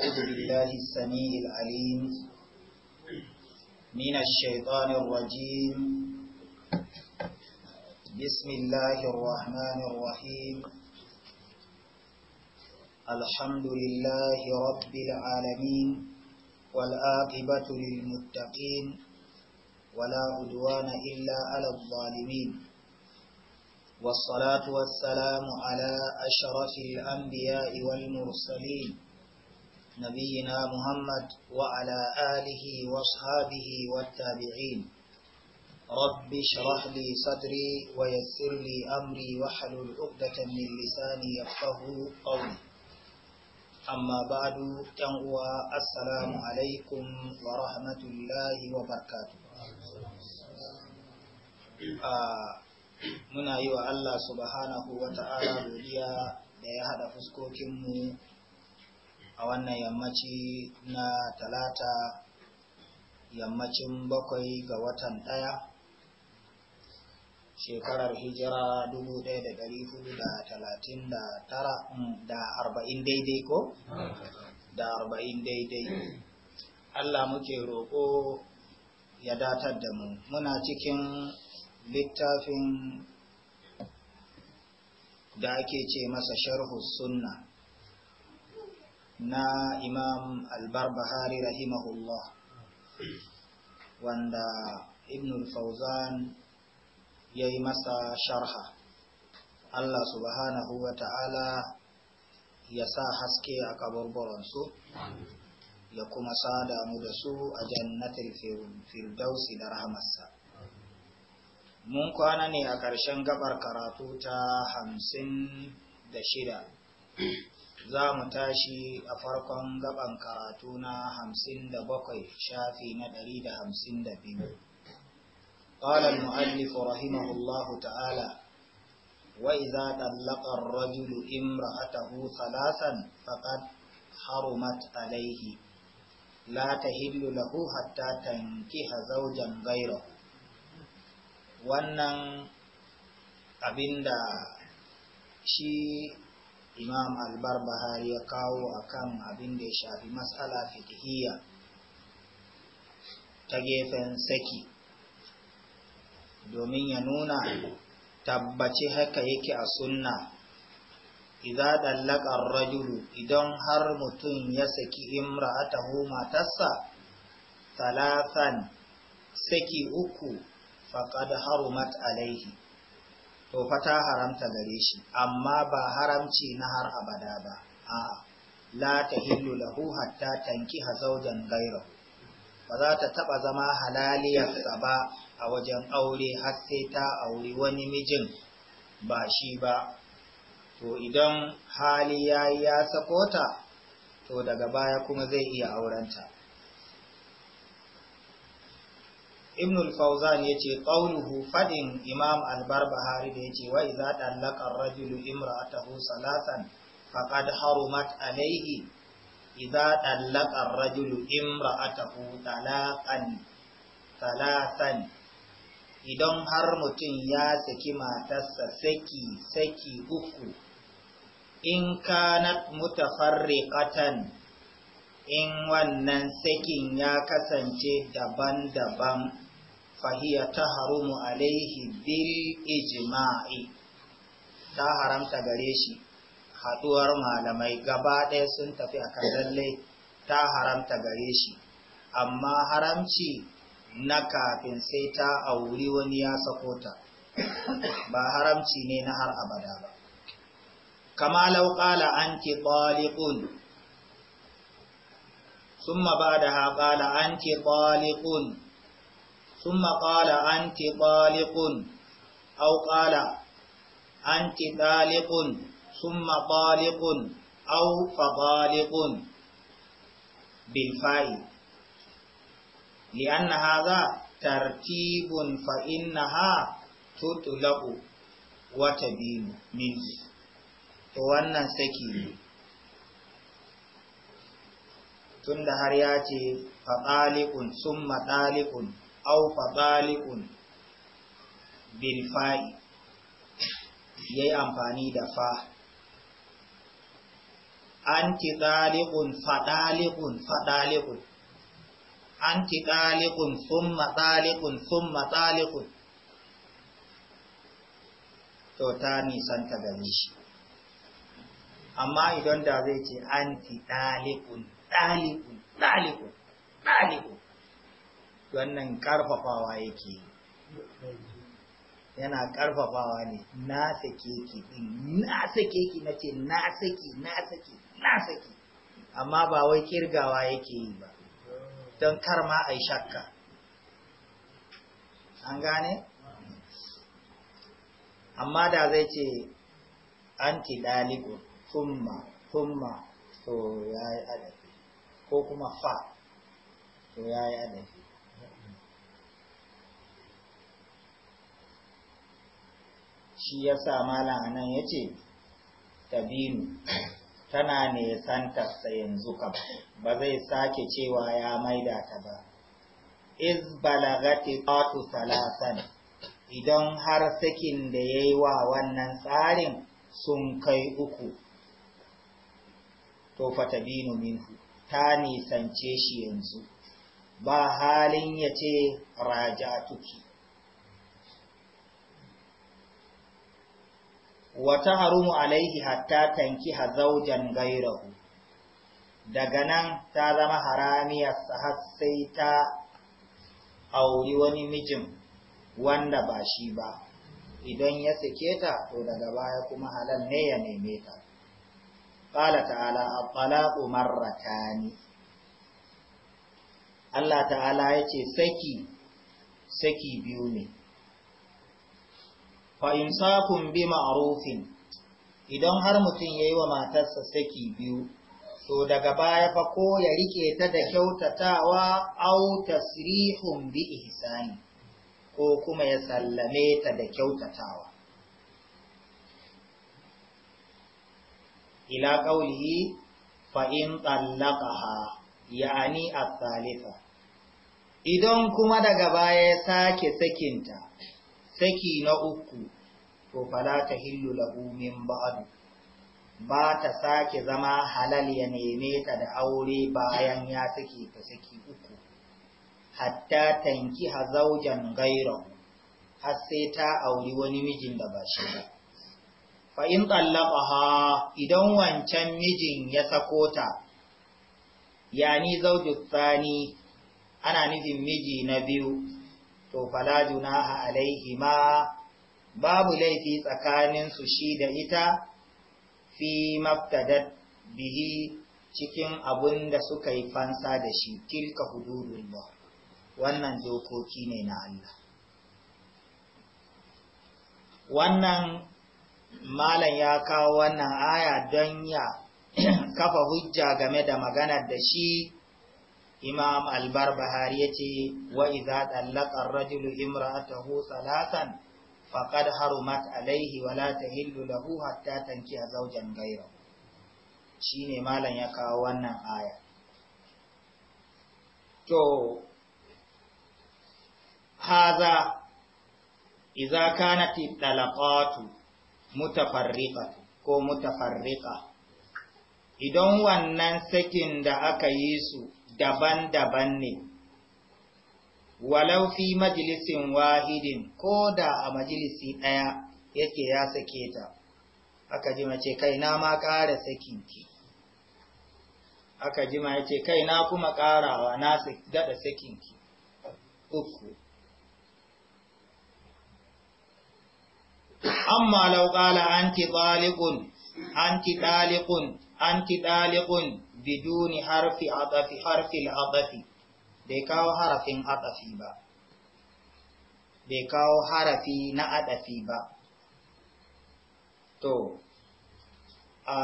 أعوذ بالله السميع العليم من الشيطان الرجيم بسم الله الرحمن الرحيم الحمد لله رب العالمين والآقبة للمتقين ولا عدوان إلا على الظالمين والصلاة والسلام على أشرف الأنبياء والمرسلين نبينا محمد وعلى آله وصحابه والتابعين رب شرح لي صدري ويسر لي أمري وحل عقدة من لساني يفقه قولي أما بعد تنقوى السلام عليكم ورحمة الله وبركاته آه، من أيها الله سبحانه وتعالى subhanahu wa ta'ala da ya haɗa fuskokinmu a wannan yammaci na talata yammacin bakwai ga watan ɗaya shekarar hijira 1439 da 40 mm, daidai ko? da 40 daidai Allah muke roƙo ya datar da mu muna cikin littafin da ake ce masa sharhu sunna na imam albarbahari rahimahullah wanda ibn fauzan ya yi masa sharha Allah subhanahu wa ta'ala ya sa haske a kaburburansu ya kuma sada mu da su a jannatin firdausi da rahamarsa mun kwana ne a ƙarshen gabar karatu ta hamsin da shida za mu tashi a farkon gaban karatu na hamsin da bakwai shafi na ɗari da hamsin da biyu. Ƙalar mu'allif rahimahullahu ta'ala, wa iza ɗallaƙar rajulu imra'atahu salasan faƙad harumat alaihi, la ta hillu lahu hatta tanki hazaujan gairo. Wannan abinda shi imam albarbahari ya kawo akan abin da ya shafi matsala fitihiyya ta gefen saki domin ya nuna tabbaci haka yake a sunna idan dallaka rajulu idan har mutum ya saki imra'atahu matarsa talatan saki uku faqad harumat alaihi to fa ta haramta gare shi amma ba haramci na har abada ba a'a la hillu lahu hatta tanki hazaujan gairo ba za ta taba zama sa ba a wajen aure har sai ta auri wani mijin ba shi ba to idan hali yayi ya sako ta to daga baya kuma zai iya aurenta ibn al-fawzan yace ƙaunuhu faɗin imam al-barbahari da yace wa idza talaqa ar-rajulu imra'atahu salatan faqad harumat alayhi idza talaqa ar-rajulu imra'atahu talaqan talatan idan har mutum ya saki matarsa saki saki uku in kanat mutafarriqatan in wannan sakin ya kasance daban-daban fahiya ta harumu alaihi bil ta haramta gare shi haduwar malamai gaba ɗaya sun tafi a kan lalle ta haramta gare shi amma haramci na kafin sai ta auri wani ya sakota ta ba haramci ne na har abada ba kama lauƙala an ki ɓaliƙun sun ثم قال أنت طالق أو قال أنت طالق ثم طالق أو فطالق بالفاء لأن هذا ترتيب فإنها تطلق وتبين منه wannan سكين tun da har ya ce ɗalikun sun maɗalikun au fatalikun bilfa'i yayi amfani da fa anti ɗalikun faɗalikun faɗalikun anti ɗalikun summa matsalikun summa matsalikun to ta nisan nisanta gani shi amma idan da zai ce anti ɗalikun ɗalikun ɗalikun ɗalikun wannan karfafawa yake yana karfafawa ne na sake ki din na sake ki nace na saki na saki na saki amma ba wai kirgawa yake yi ba don kar ma ai shakka an gane amma da zai ce anti daliku thumma thumma to yayi adafi ko kuma fa to yayi adafi shi ya sa malam anan ya ce tabinu tana ne santarsa yanzu ka ba zai sake cewa ya maida ta ba iz balagati qatu salasan idan har sakin da yayi wa wannan tsarin sun kai uku to fatabinu minhu ta nisance shi yanzu ba halin yace raja tuki wata harumu alaihi hatta tanki hazaujan gairahu daga nan ta zama haramiyarsa har sai ta auri wani mijin wanda ba shi ba idan ya sake ta to daga baya kuma halal ne ya neme ta qala ta'ala at-talaqu marratani Allah ta'ala yace saki saki biyu ne insafun bi ma'arufin idan har mutum ya yi wa matarsa saki biyu to daga baya fa ko ya rike ta da kyautatawa au tasrihun bi ihsani ko kuma ya sallame ta da kyautatawa ila qaulihi fa in tallaqaha yani a idan kuma daga baya ya sake sakinta saki na uku to fala ta hillu lahu min ba'du ba ta sake zama halal ya neme ta da aure bayan ya sake ta saki uku hatta tanki ha zaujan gairo har sai ta auri wani mijin da ba shi ba fa in idan wancan mijin ya sako ta yani zauju tsani ana nufin miji na biyu to fala junaha ma, babu laifi tsakanin su shi da ita fi maftadat bihi cikin abunda suka yi fansa da shi tilka ba, wannan dokoki ne na Allah wannan malam ya kawo wannan aya don ya kafa hujja game da maganar da shi imam albarbahari ya ce wa iza tsallakar rajulu imra'atahu Salasan, faqad harumat alaihi wala la tahillu lahu hatta tanki a zaujan gaira shine malam ya kawo wannan aya to haza iza kanat talaqatu mutafarriqatu ko mutafarriqa idan wannan sakin da aka yi su daban-daban ne walau fi majalisin wahidin ko da a majalisi ɗaya yake ya sake ta aka ji mace kai na ma ƙara sakinki aka ji ma yace kai na kuma ƙarawa na daɗa sakinki uku amma lau ƙala anti ɗalikun, anti ɗaliƙun anti ɗaliƙun biduni harfi adafi harfil adafi bai kawo harafin adafi ba bai kawo harafi na adafi ba to a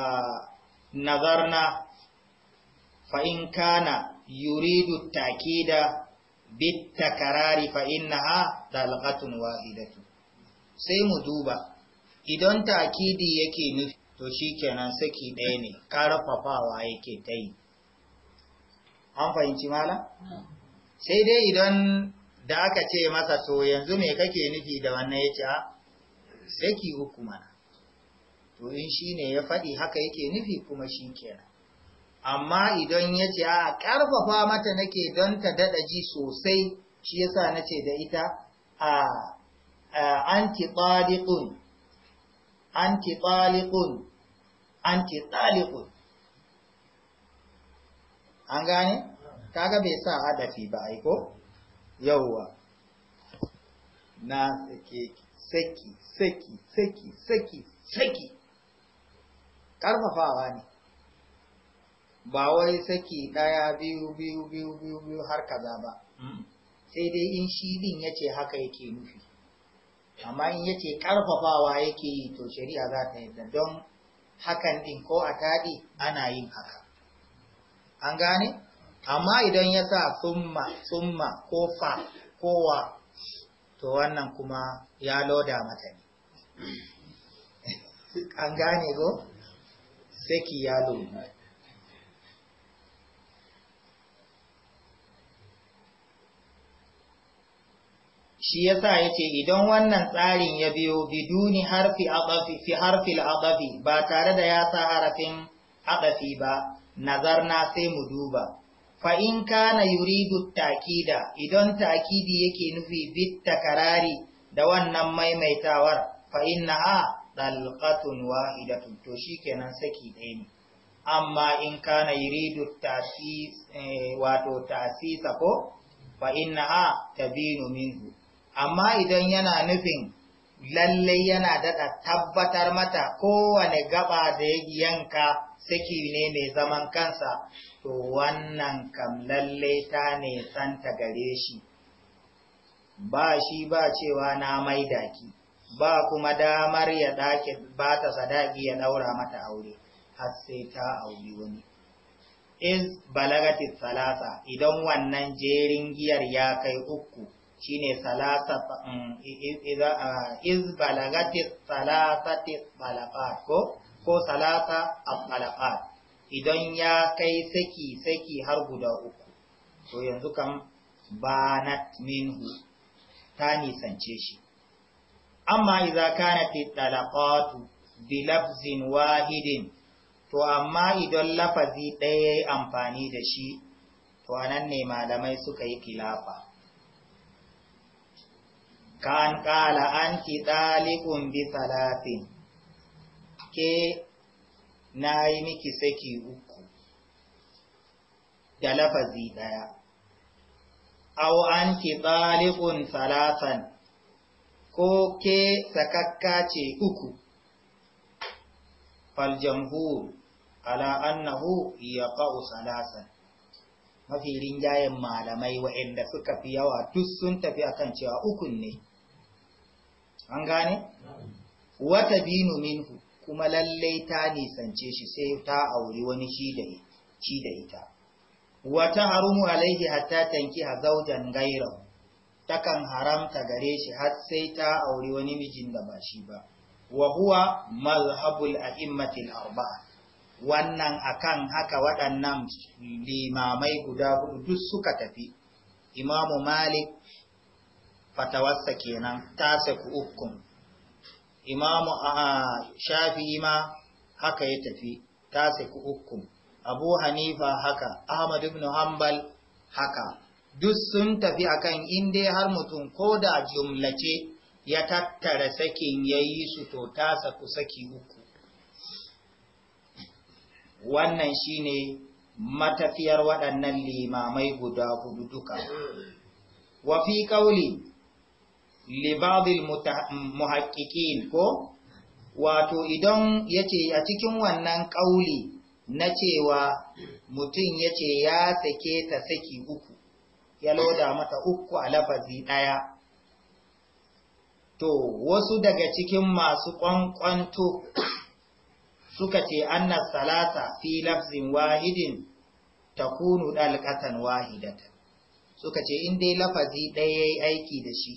nazarna fa kana yuridu takida bit takarari fa innaha dalqatun wahidatu sai mu duba idan takidi yake nufi to shi kenan saki ɗaya ne ƙarfafawa yake ta yi an fahimci mala sai dai idan da aka ce masa to yanzu me kake nufi da wannan ya ce a ah, saki uku mana to in shi ne ya faɗi haka yake nufi kuma shi kenan amma idan ya ce a ah, ƙarfafa mata nake don ta daɗa ji sosai shi yasa na ce da ita a anti anti anti taliqun an gane kaga bai sa hadafi ba aiko yawwa na sake saki saki saki saki saki karfafawa ne ba wai saki daya biyu biyu biyu biyu biyu har kaza ba hmm. sai dai in shi din yace haka yake nufi amma in yace karfafawa yake yi to shari'a za ta yi don hakan ɗin ko a taɗi ana yin haka. An gane? Amma idan ya sa summa, summa ko fa, kowa, to wannan kuma ya loda mata ne. An gane go? ki ya loda. shi yasa yace idan wannan tsarin ya biyo biduni harfi adafi fi al adafi ba tare da ya sa harafin adafi ba nazarna sai mu duba fa in kana yuridu takida idan takidi yake nufi bit takarari da wannan maimaitawar fa innaha dalqatun wahidatun to shikenan saki dai ne amma in kana yuridu tasis eh, wato tasisa ko fa innaha tabinu minhu amma idan yana nufin lallai yana daɗa tabbatar mata kowane gaba da ya yanka saki ne mai zaman kansa to wannan kam lallai ta ne santa gare shi ba shi ba cewa na mai ki ba kuma damar ya ɗaki ba ta sadaki ya ɗaura mata aure har sai ta auri wani iz balagatit salasa idan wannan jerin giyar ya kai uku shine ne mm, idza iz ko ko salasa al idan ya kai saki saki har guda uku to yanzu kam na minhu ta nisance shi amma idza kanat talaqatu bi lafzin wahidin to amma idan lafazi ɗaya yayi amfani da shi to anan ne malamai suka yi kilafa kan ƙala an ki ɗalikun bi salatin, ke na yi miki saki uku da lafazi ɗaya au an ki ɗalikun salatan ko ke sakakka ce uku fal faljamhur ala annahu ya salasan mafi rinjayen malamai waɗanda suka fi yawa duk sun tafi akan cewa ukun ne an gane wata binu minhu kuma lallai ta nisance shi sai ta auri wani shi da ita wata harumu alaihi hatta tanki ha zaujan gairahu takan haramta gare shi har sai ta auri wani mijin da ba shi ba wa huwa malhabul a'immatil arba'a wannan akan haka waɗannan limamai guda hudu duk suka tafi imamu malik fatawarsa kenan ta saku ukun imamu shafi ma haka ya tafi ta saku ukun abu hanifa haka ahmad ibn hanbal haka duk sun tafi akan inda har mutum ko da jumlace ya tattara sakin ya yi su to ta saku saki uku wannan shine matafiyar waɗannan limamai guda hudu duka wa fi kauli li ko wato idan yace a cikin wannan ƙauli na cewa mutum yace ya sake ta saki uku ya loda mata uku a lafazi ɗaya to wasu daga cikin masu ƙwanƙwanto suka ce anna salata fi lafzin wahidin takunu dalqatan wahidatan suka ce in dai lafazi ɗaya yayi aiki da shi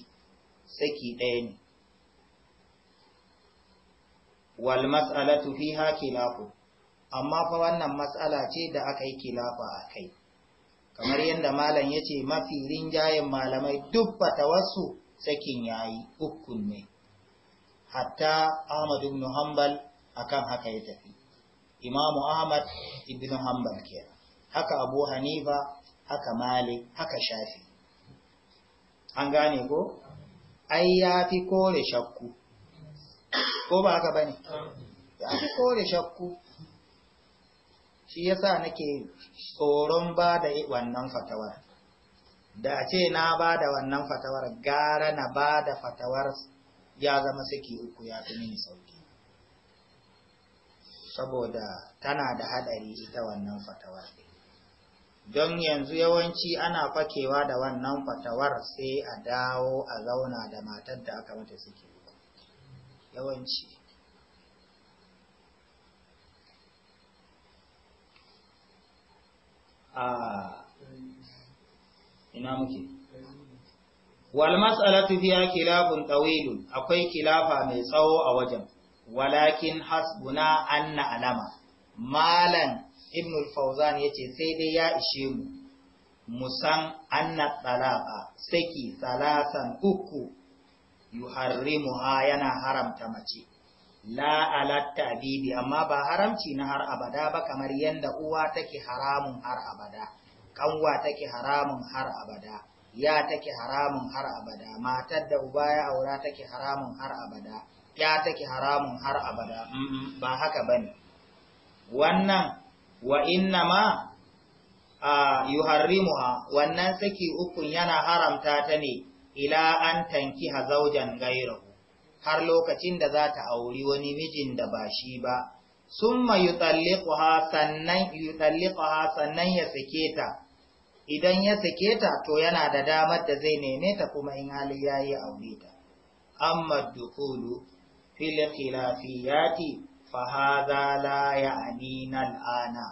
saki ɗaya ne wal mas'alatu fiha lafu, amma fa wannan mas'ala ce da aka yi a kai, kamar yadda malam ya ce mafi rinjayen malamai duk wasu sakin yayi ukun ne hatta Ahmadu ibn Hanbal akan haka ya tafi imamu ahmad ibn hanbal kenan haka abu hanifa haka malik haka shafi an gane ko ai ya fi kore shakku ko ba haka bane ya fi kore shakku shi yasa nake tsoron ba da wannan fatawar da ce na ba da wannan fatawar gara na ba da fatawar ya zama saki uku ya fi mini sauki saboda tana da haɗari ita wannan fatawar don yanzu yawanci ana fakewa da wannan fatawar sai a dawo a zauna da matar da aka mata suke yawanci a ina muke wal mas'alatu fiha kilafun tawilun akwai kilafa mai tsawo a wajen walakin hasbuna anna alama malan ibn al-fawzan yace sai dai ya ishe mu musan anna talaqa saki salasan uku yuharrimuha yana haramta mace la alatta bibi amma ba haramci na har abada ba kamar yanda uwa take haramun har abada kanwa take haramun har abada ya take haramun har abada matar da uba ya aura take haramun har abada ya take haramun har abada ba haka bane wannan wa inna ma yuharrimuha wannan saki ukun yana haramta ta ne ila an tankiha zaujan gairahu har lokacin da za ta auri wani mijin da ba shi ba summa yutalliquha sannan yutalliquha sannan ya sake ta idan ya sake ta to yana da damar da zai neme ta kuma in hali yayi aure ta amma dukulu fil khilafiyati fa hadha la ya'nina al'ana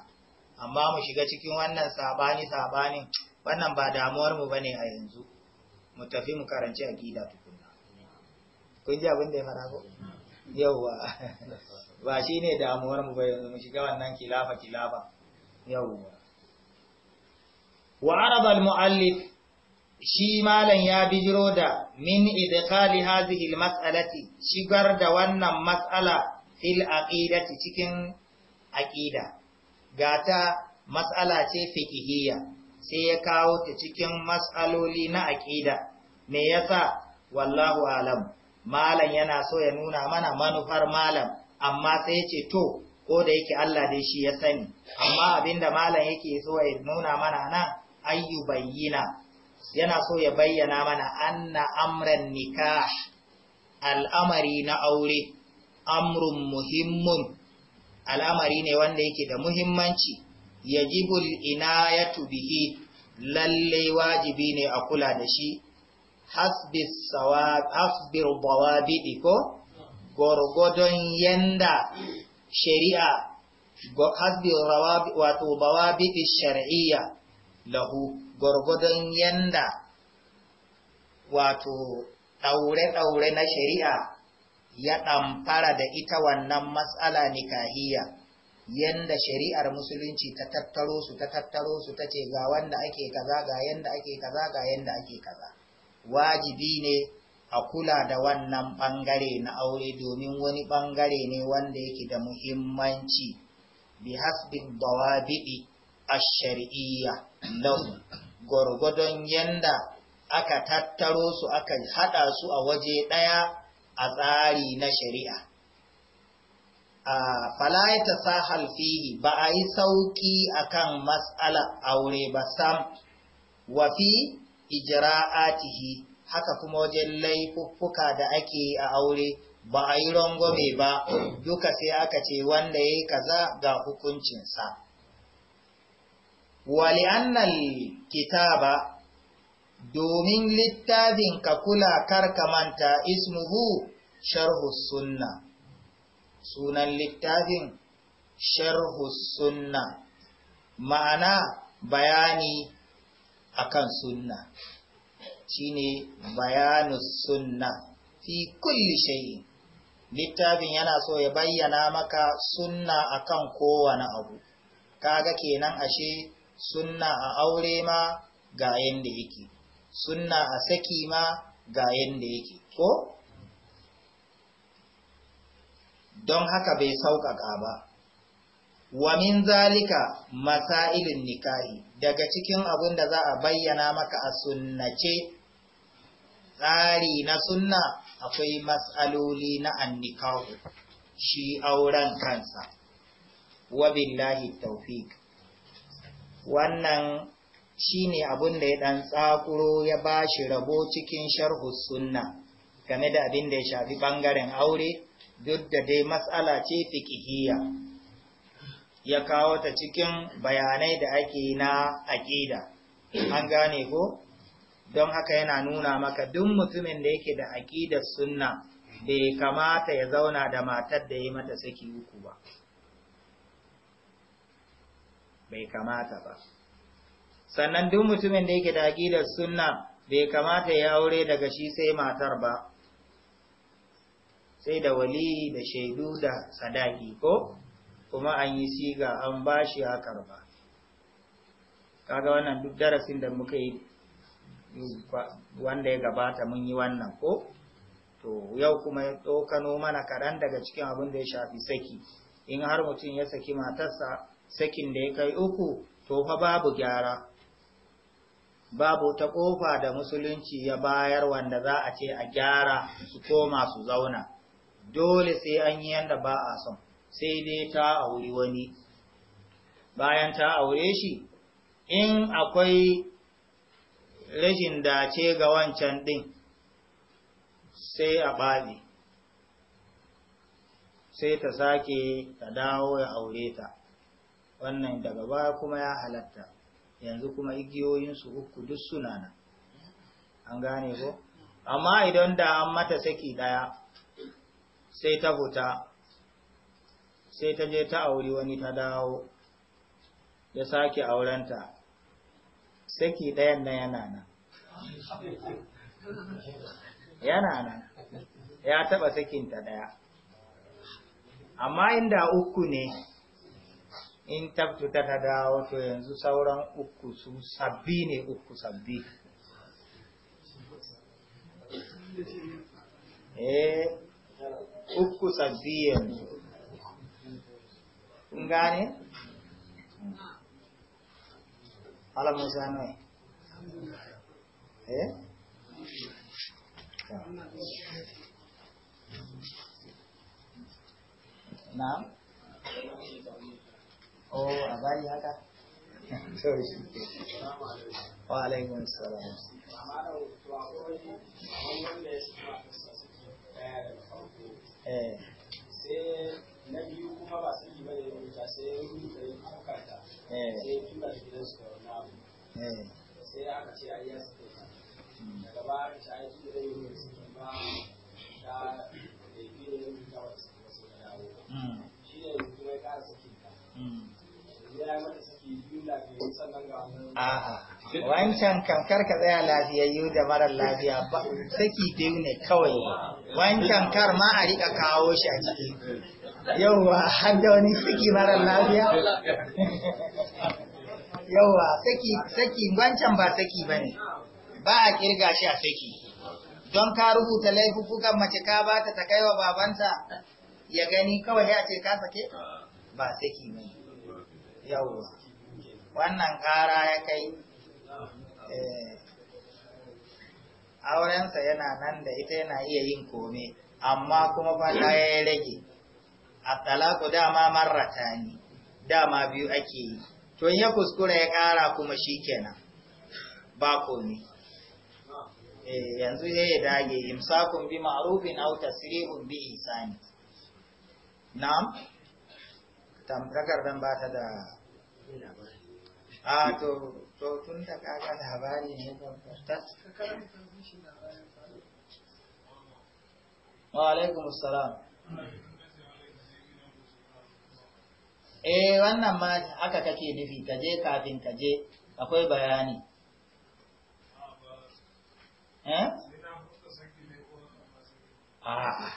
amma mu shiga cikin wannan sabani sabanin wannan ba damuwar mu bane a yanzu mu tafi mu karanci aqida tukunna kun ji abin da ya fara ko ba shine damuwar mu kilafa wa arada al muallif shi malam ya bijiro da min idkhali hadhihi almas'alati shigar da wannan mas'ala fil aqidati cikin aqida gata mas'ala ce fiqhiyya sai ya kawo ta cikin mas'aloli na aqida me yasa wallahu alam malam yana so ya nuna mana manufar malam amma sai ya ce to ko da yake Allah dai shi ya sani amma abinda malam yake so ya nuna mana na, ayyu yana so ya bayyana mana anna amran nikah al'amari na aure amrun muhimmun al'amari ne wanda yake da muhimmanci yajibul inayatu bihi lalle wajibi ne a kula da shi hasbir biɗi ko gwargwadon yanda shari'a hasbir wato biɗi shari'iyya lahu gwargwadon yanda wato ɗaure-ɗaure na shari'a ya ɗamfara da ita wannan matsala nikahiyya yanda shari'ar musulunci ta tattaro su ta tattaro su ta ce ga wanda ake kaza ga yanda ake kaza ga yanda ake kaza wajibi ne a kula da wannan ɓangare na aure domin wani ɓangare ne wanda yake da muhimmanci bi hasbin dawabi'i a shariyya gwargwadon yanda aka tattaro su aka haɗa su a waje ɗaya a tsari na shari'a. A Falaita sahal fihi ba a yi sauƙi a kan mas'ala aure ba sam, wafi ijra'atihi haka kuma wajen laifuffuka da ake a aure ba a yi rangwame ba duka sai aka ce wanda ya yi kaza ga hukuncinsa. wali annal kitaba domin littafin ka kula karka manta ismuhu sharhu sunna sunan littafin sharhu sunna ma'ana bayani akan sunna shine bayanu sunna fi kulli shayi littafin yana so ya bayyana maka sunna akan kowane abu kaga kenan ashe sunna a aure ma ga yanda yake sunna a saki ma ga yanda yake ko don haka bai sauƙaƙa ba wa min zalika masailin nikahi daga cikin abin da za a bayyana maka a sunnace tsari na sunna akwai matsaloli na annikahu shi auren kansa wa billahi tawfiq wannan shi ne abin da ya ɗan tsakuro ya ba shi rabo cikin sharhu sunna game da abin da ya shafi ɓangaren aure duk da dai matsala ce fiqhiyya ya kawo ta cikin bayanai da ake na aƙida, an gane ko don haka yana nuna maka duk mutumin da yake da aƙidar sunna bai kamata ya zauna da matar da ya mata saki uku ba bai kamata ba sannan duk mutumin da yake da aqidar sunna bai kamata ya aure daga shi sai matar ba sai da wali da shaidu da sadaki ko kuma an yi siga an bashi hakar ba, kaga wannan duk darasin da muka yi wanda ya gabata mun yi wannan ko to yau kuma ya ɗaukano mana kaɗan daga cikin abin da ya shafi saki in har mutum ya saki matarsa sakin da ya kai uku to fa babu gyara babu ta ƙofa da musulunci ya bayar wanda za a ce a gyara su koma su zauna dole sai an yi yanda ba a son sai dai ta auri wani bayan ta aure shi in akwai rashin dace ga wancan ɗin sai a ɓaɓe sai ta sake ta dawo ya aure ta wannan daga baya kuma ya halatta yanzu kuma igiyoyinsu uku duk suna nan an gane ko amma idan da an mata saki daya sai ta buta sai ta je ta auri wani ta dawo ya sake aurenta saki ɗayan nan yana nan yana nan ya taɓa sakinta ɗaya amma inda uku ne in tabtu ta dawo to yanzu sauran uku su sabbi ne uku sabbi eh uku sabbi yanzu kun gane alamun sanai eh na'am oh a haka to wa alaikun salam sai kuma aka ce ba a kara A'a, wancan kankar ka tsaya lafiyayyu da marar lafiya ba, saki biyu ne kawai. Wancan kar ma a riƙa kawo shi a ciki. Yauwa, har da wani saki marar lafiya? Yauwa, saki, saki, wancan ba saki ba ne, ba a ƙirga shi a saki. Don ka rubuta laifukan mace ka ba ta ta kai wa babanta ya gani kawai ya ce ka sake? Ba saki ne. yawwa wannan ƙara ya kai eh, aurensa yana nan da ita yana iya yin kome amma kuma fa ta ya rage a talaku dama marrata ne dama biyu ake yi Tun ya kuskura ya kara kuma shi kenan ba kome eh, yanzu ya yi dage imsakun bi ma'arufin Auta, tasrihun bi isani na'am tamtakar dan ba ta da a to to tun da kaga labari ne babbar wa alaikum salam. eh wannan ma haka kake nufi kaje kafin kaje akwai bayani eh a'a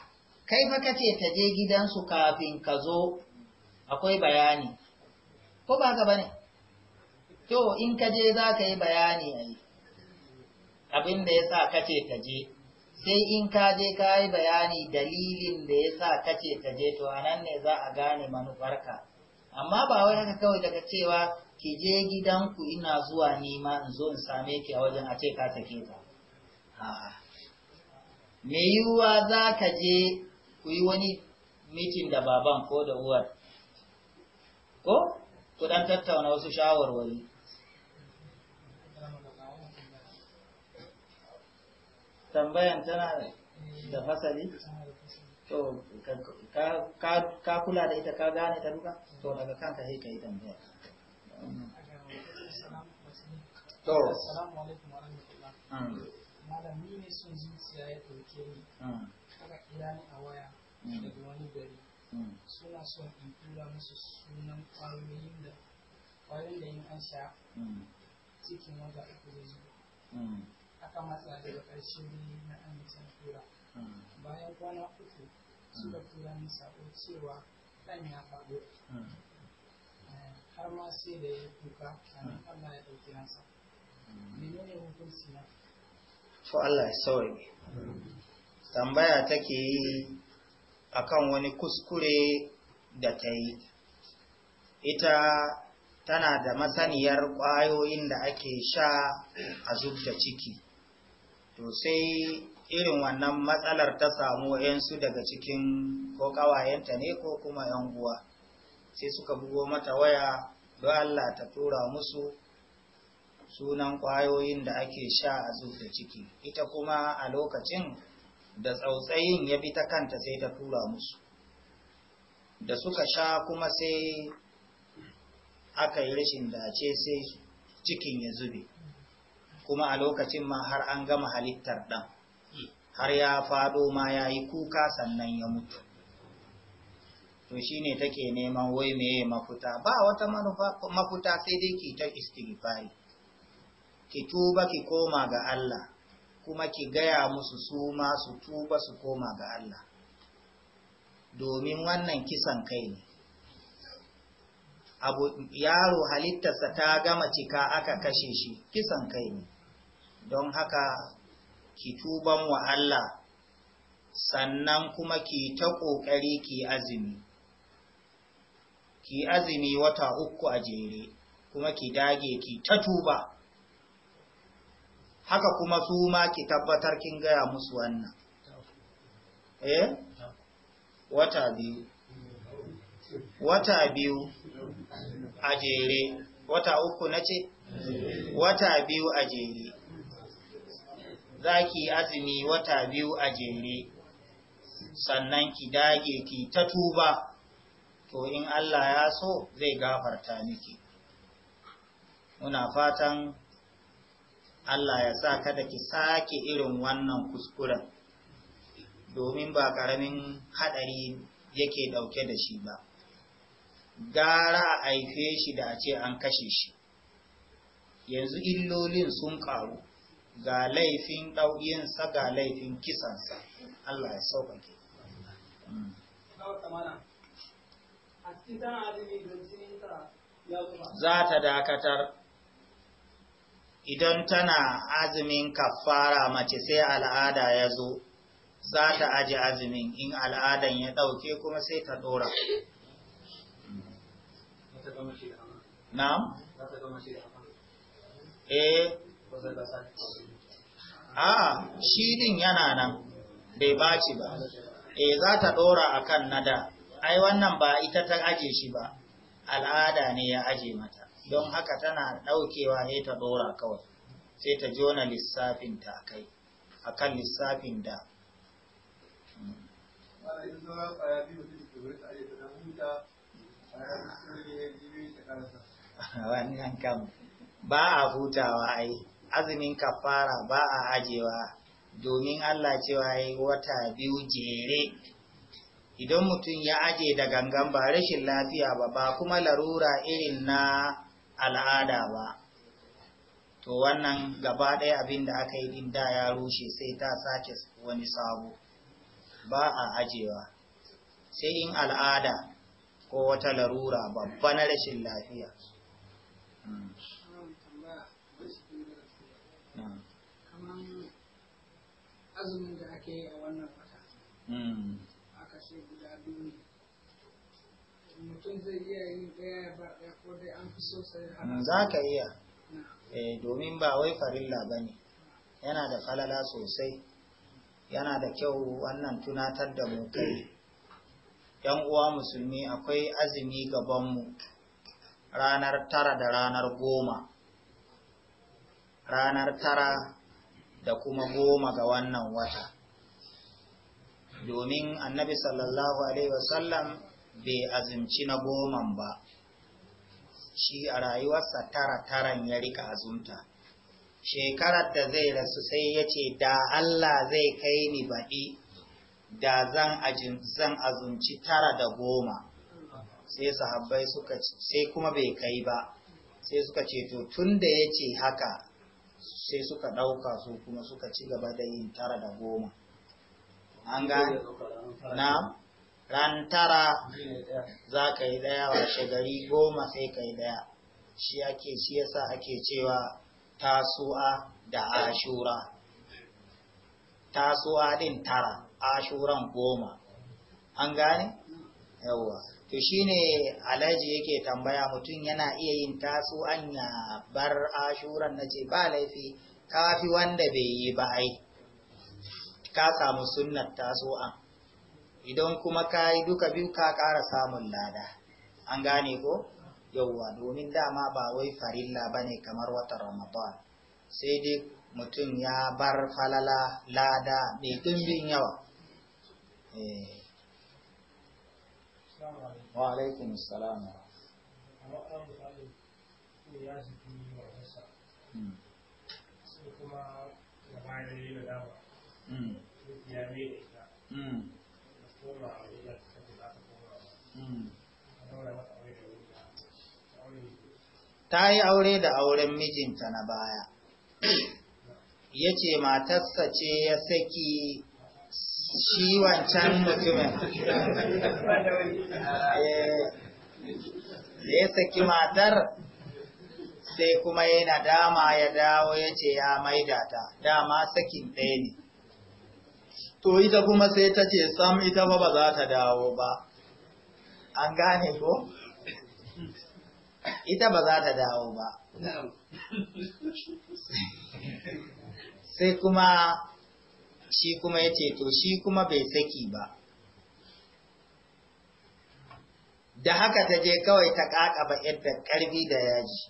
kai fa kace ta je gidansu kafin ka zo akwai bayani ko ba ka bane to in ka je za ka yi bayani a abin da ya sa ka ce ka je sai in ka je ka yi bayani dalilin da ya sa ka ce ka je to nan ne za a gane manufarka amma ba wai haka kawai daga cewa ki je gidanku ina zuwa nima in zo in same ki a wajen a ce ka sake ta me yiwuwa za ka je ku yi wani mitin da baban ko da uwar ko ku dan tattauna wasu shawarwari tambayan tana da fasali to ka kula da ita ka gane ta duka to daga kanka sai ka yi tambaya to wa rahmatullah malami ne sun zuciya ya dauke ni aka mm. kira ni a waya mm. daga wani gari Mm. suna son in tura musu sunan kwayoyin da kwayoyin da yin an sha mm. cikin wata uku da zuwa mm. aka matsa daga ƙarshe ne na amincin tura bayan kwana uku suka tura min sako cewa ɗan ya faɗo eh, har ma sai da ya kuka kamin Allah ya ɗauki ransa ne hukunci na to Allah ya sauri tambaya take yi akan wani kuskure da ta yi ita tana da masaniyar ƙwayoyin da ake sha a zub ciki to sai irin wannan matsalar ta samu yansu daga cikin ko ƙawayenta ne ko kuma yan uwa sai suka bugo mata waya don Allah ta tura musu sunan ƙwayoyin da ake sha a zub ciki ita kuma a lokacin da tsautsayin ya bi ta kanta sai ta tura musu da suka sha kuma sai aka yi rashin dace sai cikin ya zube kuma a lokacin ma har an gama halittar ɗan har ya faɗo ma ya yi kuka sannan ya mutu to shi ne take neman wai meye mafuta ba wata mafuta sai dai ki ta istighfari ki tuba ki koma ga Allah kuma ki gaya musu su ma su tuba su koma ga Allah domin wannan kisan kai ne abu yaro halittarsa ta gama cika aka kashe shi kisan kai ne don haka ki tuban wa Allah sannan kuma ki ta ƙoƙari ki azumi ki azumi wata uku a jere kuma ki dage ki ta tuba haka kuma su ma ki tabbatar kin gaya musu wannan eh wata biyu wata biyu a wata uku na ce wata biyu a jere za ki azumi wata biyu a jere sannan ki dage ki ta tuba to in Allah ya so zai gafarta miki muna fatan Allah ya sa kada ki sake irin wannan kuskuren domin ba ƙaramin haɗari yake ɗauke da shi ba gara a aife shi da a ce an kashe shi yanzu illolin sun ƙaru ga laifin ɗauyensa ga laifin kisansa Allah ya ke. Hmm. za ta dakatar idan tana azumin kafara mace sai al'ada ya zo za ta aji azumin in al'adan ya ɗauke kuma sai ta ɗora na'am eh a ah, shi din yana nan bai baci ba eh za ta ɗora akan nada ai wannan ba ita ta aje shi ba al'ada ne ya aje mata don haka tana ɗaukewa ne ta ɗora kawai sai ta jona lissafin ta kai a kan lissafin da ba a hutawa ai azumin kafara ba a ajewa domin Allah cewa ai wata biyu jere idan mutum ya aje da gangan ba rashin lafiya ba ba kuma larura irin na al'ada ba to wannan gaba ɗaya abin da aka yi din da ya rushe sai ta sake wani sabo ba a ajewa sai in al'ada ko wata larura babba na rashin lafiya hmm. Hmm. azumin da ake yi a wannan fata hmm. aka guda biyu Mm, za ka iya eh, domin ba wai farilla ba ne yana da falala sosai yana da kyau wannan tunatar da mu kai yan uwa musulmi akwai azumi gabanmu ranar tara da ranar goma ranar tara da kuma goma ga wannan wata domin annabi sallallahu alaihi wasallam bai azumci na goman ba shi a rayuwarsa tara taran ya rika azumta shekarar da zai rasu sai ya ce da Allah zai kai ni baɗi da zan azumci tara da goma sai sahabbai suka sai kuma bai kai ba sai suka ce to tun da ya ce haka sai suka ɗauka su kuma suka ci gaba da yin tara da goma an gane na ran tara za ka yi daya wa shagari goma sai ka yi daya shi ake shi yasa ake cewa tasu'a da ashura tasu'a din tara ashuran goma an gane yawwa to shi ne alhaji yake tambaya mutum yana iya yin tasu'an ya bar ashuran na ce ba laifi fi wanda bai yi ba ai ka samu sunnar tasu'an idan kuma ka yi duka biyu ka ƙara samun lada an gane ko yauwa domin dama ba wai farilla bane kamar wata ramadan sai dai mutum ya bar falala lada mai ɗimbin yawa Mm. ta yi aure da auren mijinta na baya ya ce matarsa ce ya saki shi wancan mutumin eh, ya saki matar sai kuma ya dama ya dawo ya ce ya maida ta dama sakin ɗaya ne to ita kuma sai ta ce sam ita ba ba za ta dawo ba an gane ko ita ba za ta dawo ba sai kuma shi kuma ya ce to shi kuma bai saki ba da haka ta je kawai ta ƙaƙa ba yadda ƙarfi da yaji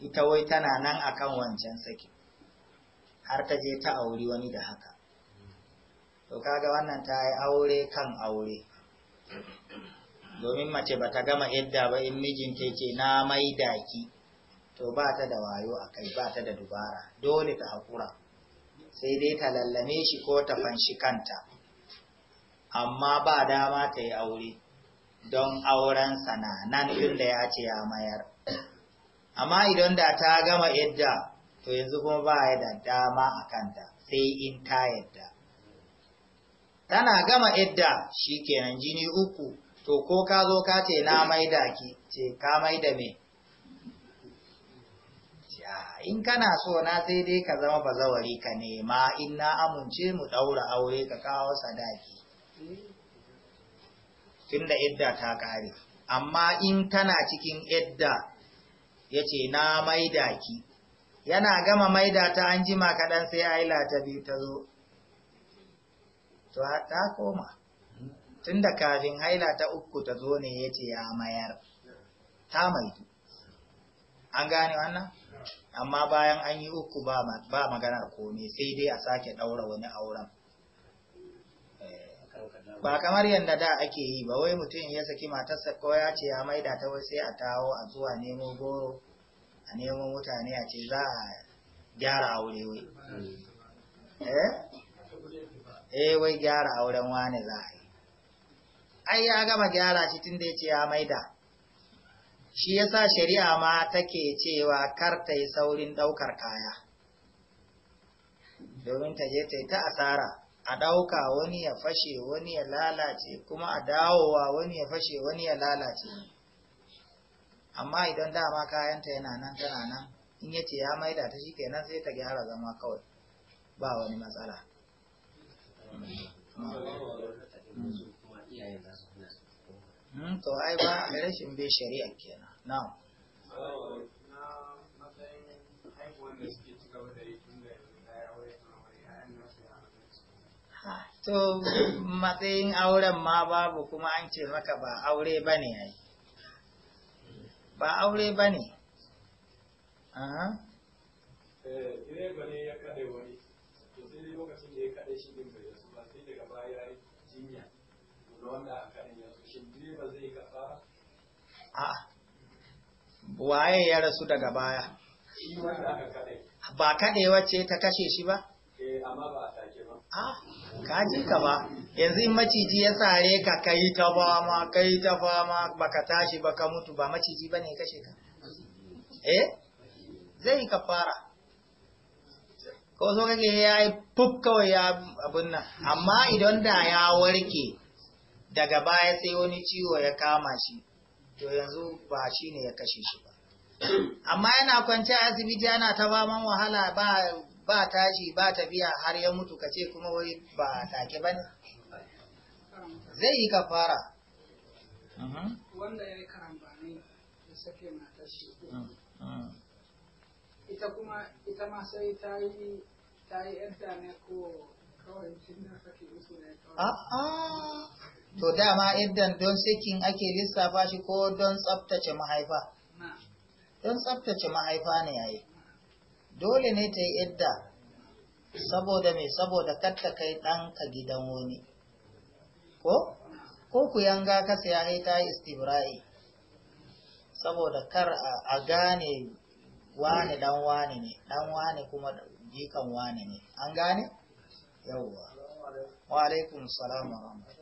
ita wai tana nan akan wancan saki har ta je ta auri wani da haka to kaga wannan ta yi aure kan aure domin mace ba ta gama yadda ba in mijinta ce na mai daki to ba ta da wayo a kai ba ta da dubara dole ta haƙura sai dai ta lallame shi ko ta fanshi kanta amma ba dama ta yi aure don auren sana nan da ya ce ya mayar amma idan da ta gama yadda to yanzu kuma ba ya da dama a kanta sai in ta yadda tana gama yadda shi kenan jini uku to ko ka zo ka ce na maida ki ce ka maida me in kana so na sai dai ka zama bazawari ka nema in na amince mu daura aure ka kawo sadaki tunda idda ta kare amma in kana cikin idda yace na maida ki yana gama maida ta anjima jima kaɗan sai aila ta biyu ta zo to ta koma tunda kafin haila ta uku ta zo ne ya ce ya mayar ta maitu an gane wannan amma bayan an yi uku ba maganar komai sai dai a sake ɗaura wani auren ba kamar yadda da ake yi ba wai mutum ya saki matarsa ko ya ce ya maida ta wai sai a tawo a zuwa nemo goro a nemo mutane a ce za a gyara aure wai hmm. eh? eh wai gyara auren wane za a yi ai ya gama gyara shi tun da ya ce ya maida shi yasa shari'a ma take cewa kar ta yi saurin ɗaukar kaya domin ta je ta yi ta asara a ɗauka wani ya fashe wani ya lalace kuma a dawowa wani ya fashe wani ya lalace amma idan dama kayanta yana nan tana nan in ya ce ya maida ta shi kenan sai ta gyara zama kawai ba wani matsala. Mm. Hmm, to ai ba rashin bai shari'a kenan to matsayin auren ma babu kuma an ce maka ba aure ba ne ai ba aure eh, ba ne ya kaɗe wani, to sai lokacin da ya kaɗe shi ɗin a'a waye ya rasu daga baya ba kaɗewa ce ta kashe shi ba eh, amma ba a ah, ka ji ka ba yanzu in maciji ya tsare ka kai ta fama kai ta fama baka tashi baka mutu ba maciji bane ya kashe ka eh zai yi fara ko so kake ya yi fuf ya abin nan amma idan da ya warke daga baya sai wani ciwo ya kama shi to yanzu ba shi ne ya kashe shi ba amma yana kwanci a asibiti yana ta man wahala ba ba tashi ba tafiya har ya mutu kace kuma wai ba take ba ne zai yi kafara mhm. wanda ya yi karambani da sake matar shi mm, mm. ita kuma ita ma sai ta yi ta yi ne ko kawai cikin da sake mutu ne kawai to dama idan don sakin ake lissafa shi ko don tsabtace mahaifa don tsabtace mahaifa ne yayi dole ne ta yi idda saboda mai saboda katta kai ɗanka gidan wani ko ko ku yanga ka saya kai ta yi istibra'i saboda kar a gane wani dan wani ne dan wani kuma jikan wani ne an gane yawwa wa alaikum salam wa rahmatullahi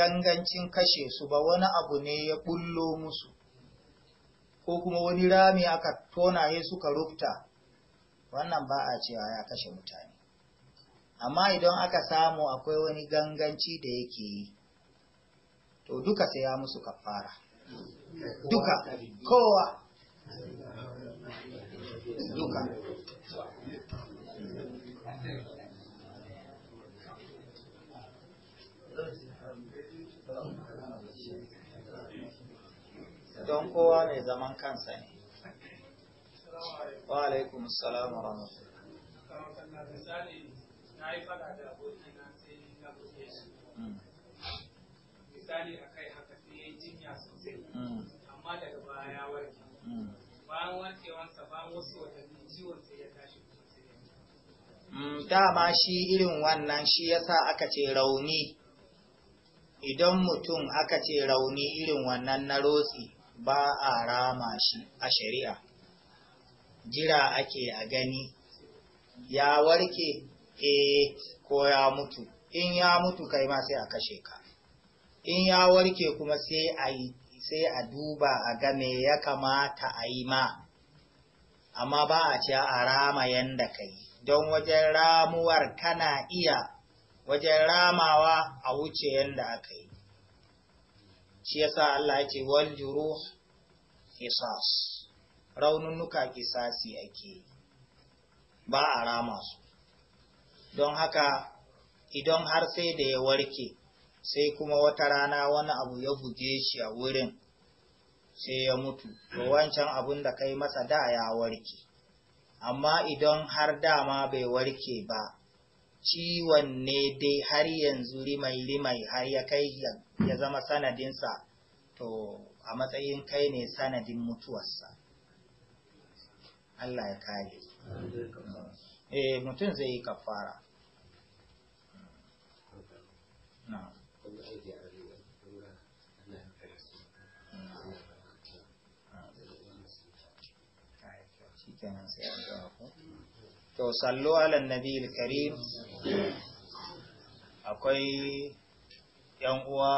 gangancin kashe su ba wani abu ne ya bullo musu ko kuma wani rami aka tonaye suka rufta wannan ba a cewa ya kashe mutane amma idan aka samu akwai wani ganganci da yake yi to duka sai ya musu kafara duka kowa duka don kowa mai zaman kansa ne wa alaikum salam wa rahmatullah misali na yi fada da abokina sai na buge shi misali mm. a kai haka sai ya yi jinya sosai amma daga baya ya warke bayan warkewansa ba wasu watanni ciwon sai ya tashi dama shi irin wannan shi yasa aka ce rauni idan mutum aka ce rauni irin wannan na rotsi ba a rama shi a shari'a jira ake a gani ya warke eh ko ya mutu in ya mutu kai ma sai a kashe ka in ya warke kuma sai a yi sai a duba a game me ya kamata a yi ma amma ba a ce a rama yadda ka yi don wajen ramuwar kana iya wajen ramawa a wuce yadda aka yi shi yasa Allah ya ce wal juruh qisas raununuka qisasi ake ba a rama su don haka idan har sai da ya warke sai kuma wata rana wani abu ya buge shi a wurin sai ya mutu to wancan abun da kai masa da ya warke amma idan har dama bai warke ba ciwon ne dai har yanzu rimai-rimai har ya kai ya zama sanadinsa to a matsayin kai ne sanadin mutuwarsa Allah ya kare eh mutum zai yi kafara na to sallu ala nabi karim akwai ‘yan uwa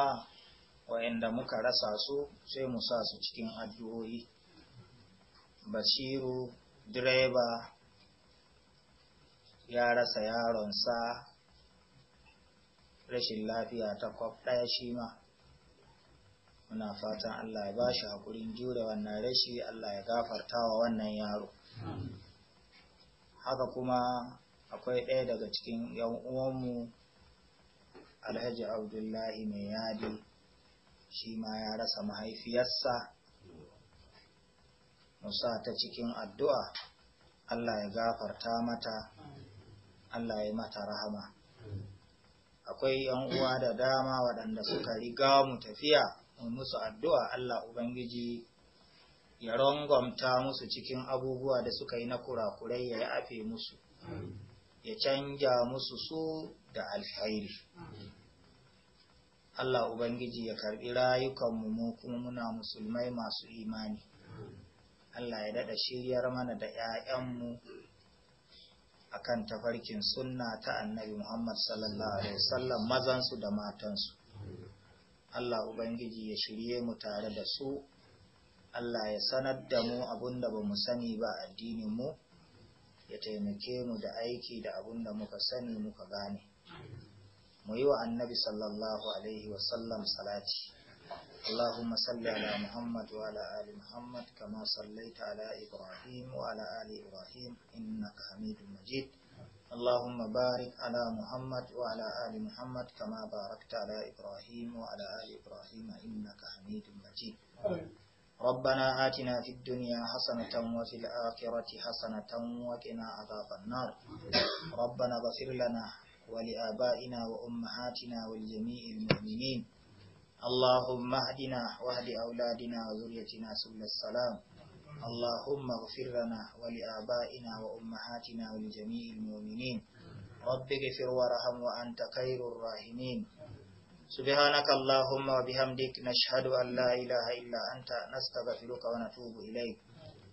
wa'yanda muka rasa su sai mu sa su cikin addu'o'i. Basiru, direba, ya rasa yaronsa rashin lafiya ta kwaf ɗaya shi ma. Muna fatan Allah ya ba shi haƙurin jure wannan rashi Allah ya gafarta wa wannan yaro. Haka kuma akwai ɗaya daga cikin ‘yan uwanmu alhaji abdullahi mai yadi shi ma ya rasa mahaifiyarsa musa ta cikin addu'a Allah ya gafarta mata Allah ya mata rahama akwai yan uwa da dama waɗanda suka riga mu tafiya musu addu'a Allah Ubangiji ya rangwamta musu cikin abubuwa da suka yi na kurakurai ya yi afe musu ya canja musu su da alkhairi Allah Ubangiji ya karbi rayukanmu mu kuma muna musulmai masu imani Allah ya dada shiryar mana da ‘ya'yanmu a kan tafarkin sunna ta annabi Muhammad sallallahu Alaihi wasallam mazansu da matansu Allah Ubangiji ya shirye mu tare da su Allah ya sanar da mu abun da ba mu sani ba addinin mu ya taimake mu da aiki da abun da muka sani muka gane Muyi wa annabi sallallahu alaihi wasallam salati Allahumma salli ala Muhammad wa ala ali Muhammad kama sallaita ala Ibrahim wa ala ali Ibrahim innaka Hamidu Majid Allahumma barik ala Muhammad wa ala ali Muhammad kama barakta ala Ibrahim wa ala ali Ibrahim innaka Hamidu Majid ربنا آتنا في الدنيا حسنة وفي الآخرة حسنة وقنا عذاب النار ربنا غفر لنا ولآبائنا وأمهاتنا ولجميع المؤمنين اللهم اهدنا واهد أولادنا وذريتنا سبل السلام اللهم اغفر لنا ولآبائنا وأمهاتنا ولجميع المؤمنين رب اغفر وارحم وأنت خير الراحمين سبحانك اللهم وبحمدك نشهد أن لا إله إلا أنت نستغفرك ونتوب إليك